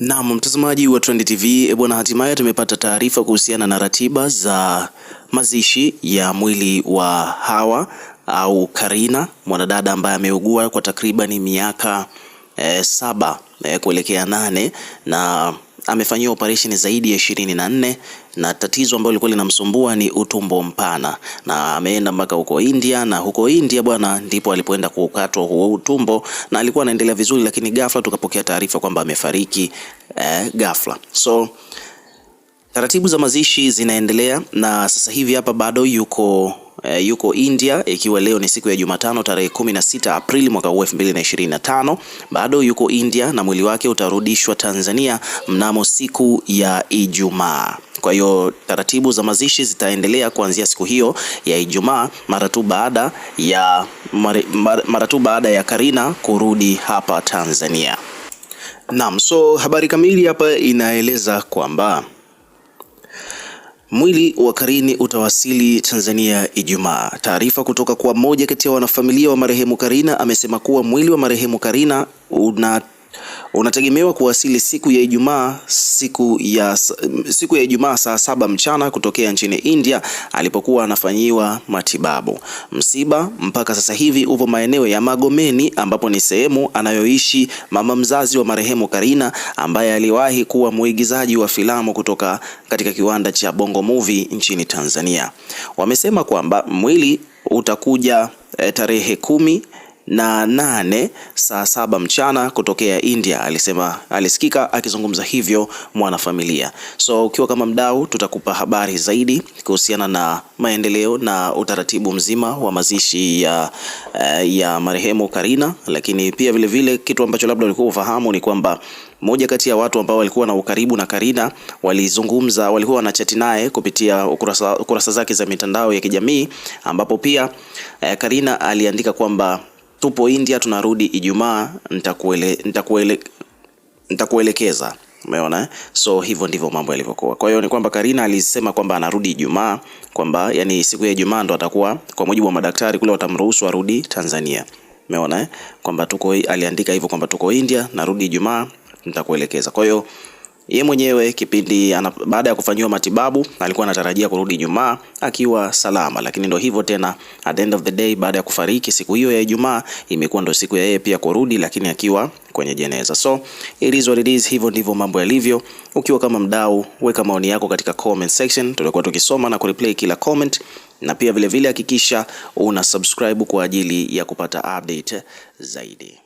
Naam, mtazamaji wa Trend TV e bwana, hatimaye tumepata taarifa kuhusiana na ratiba za mazishi ya mwili wa Hawa au Karina, mwanadada ambaye ameugua kwa takribani miaka e, saba e, kuelekea nane na amefanyiwa operesheni zaidi ya ishirini na nne na tatizo ambalo lilikuwa linamsumbua ni utumbo mpana, na ameenda mpaka huko India, na huko India bwana, ndipo alipoenda kukatwa huo utumbo, na alikuwa anaendelea vizuri, lakini ghafla tukapokea taarifa kwamba amefariki eh, ghafla so taratibu za mazishi zinaendelea na sasa hivi hapa bado yuko uh, yuko India ikiwa leo ni siku ya Jumatano tarehe 16 Aprili mwaka 2025, bado yuko India na mwili wake utarudishwa Tanzania mnamo siku ya Ijumaa. Kwa hiyo taratibu za mazishi zitaendelea kuanzia siku hiyo ya Ijumaa mara tu baada ya mara tu baada ya Karina kurudi hapa Tanzania. Naam, so habari kamili hapa inaeleza kwamba Mwili wa Karini utawasili Tanzania Ijumaa. Taarifa kutoka kwa mmoja kati ya wanafamilia wa marehemu Karina amesema kuwa mwili wa marehemu Karina una unategemewa kuwasili siku ya Ijumaa siku ya, siku ya Ijumaa saa saba mchana kutokea nchini India alipokuwa anafanyiwa matibabu. Msiba mpaka sasa hivi upo maeneo ya Magomeni ambapo ni sehemu anayoishi mama mzazi wa marehemu Karina ambaye aliwahi kuwa mwigizaji wa filamu kutoka katika kiwanda cha Bongo Movie nchini Tanzania. Wamesema kwamba mwili utakuja eh, tarehe kumi na nane saa saba mchana kutokea India, alisema alisikika akizungumza hivyo mwanafamilia. So ukiwa kama mdau, tutakupa habari zaidi kuhusiana na maendeleo na utaratibu mzima wa mazishi ya, eh, ya marehemu Karina, lakini pia vilevile vile, kitu ambacho labda ulikuwa ufahamu ni kwamba moja kati ya watu ambao walikuwa na ukaribu na Karina walizungumza, walikuwa wanachati naye kupitia ukurasa, ukurasa zake za mitandao ya kijamii ambapo pia eh, Karina aliandika kwamba tupo India, tunarudi Ijumaa, nitakuele nitakuele nitakuelekeza. Umeona eh? So hivyo ndivyo mambo yalivyokuwa. Kwa hiyo ni kwamba Karina alisema kwamba anarudi Ijumaa, kwamba yani siku ya Ijumaa ndo atakuwa kwa mujibu wa madaktari kule watamruhusu arudi Tanzania. Umeona eh? Kwamba tuko aliandika hivyo kwamba tuko India, narudi Ijumaa, nitakuelekeza. Kwa hiyo Ye mwenyewe kipindi baada ya kufanyiwa matibabu alikuwa anatarajia kurudi Ijumaa akiwa salama, lakini ndo hivyo tena, at the end of the day, baada ya kufariki siku hiyo ya Ijumaa imekuwa ndo siku ya yeye pia kurudi, lakini akiwa kwenye jeneza. So it is what it is, hivyo ndivyo mambo yalivyo. Ukiwa kama mdau, weka maoni yako katika comment section, tutakuwa tukisoma na kureplay kila comment, na pia vilevile hakikisha vile una subscribe kwa ajili ya kupata update zaidi.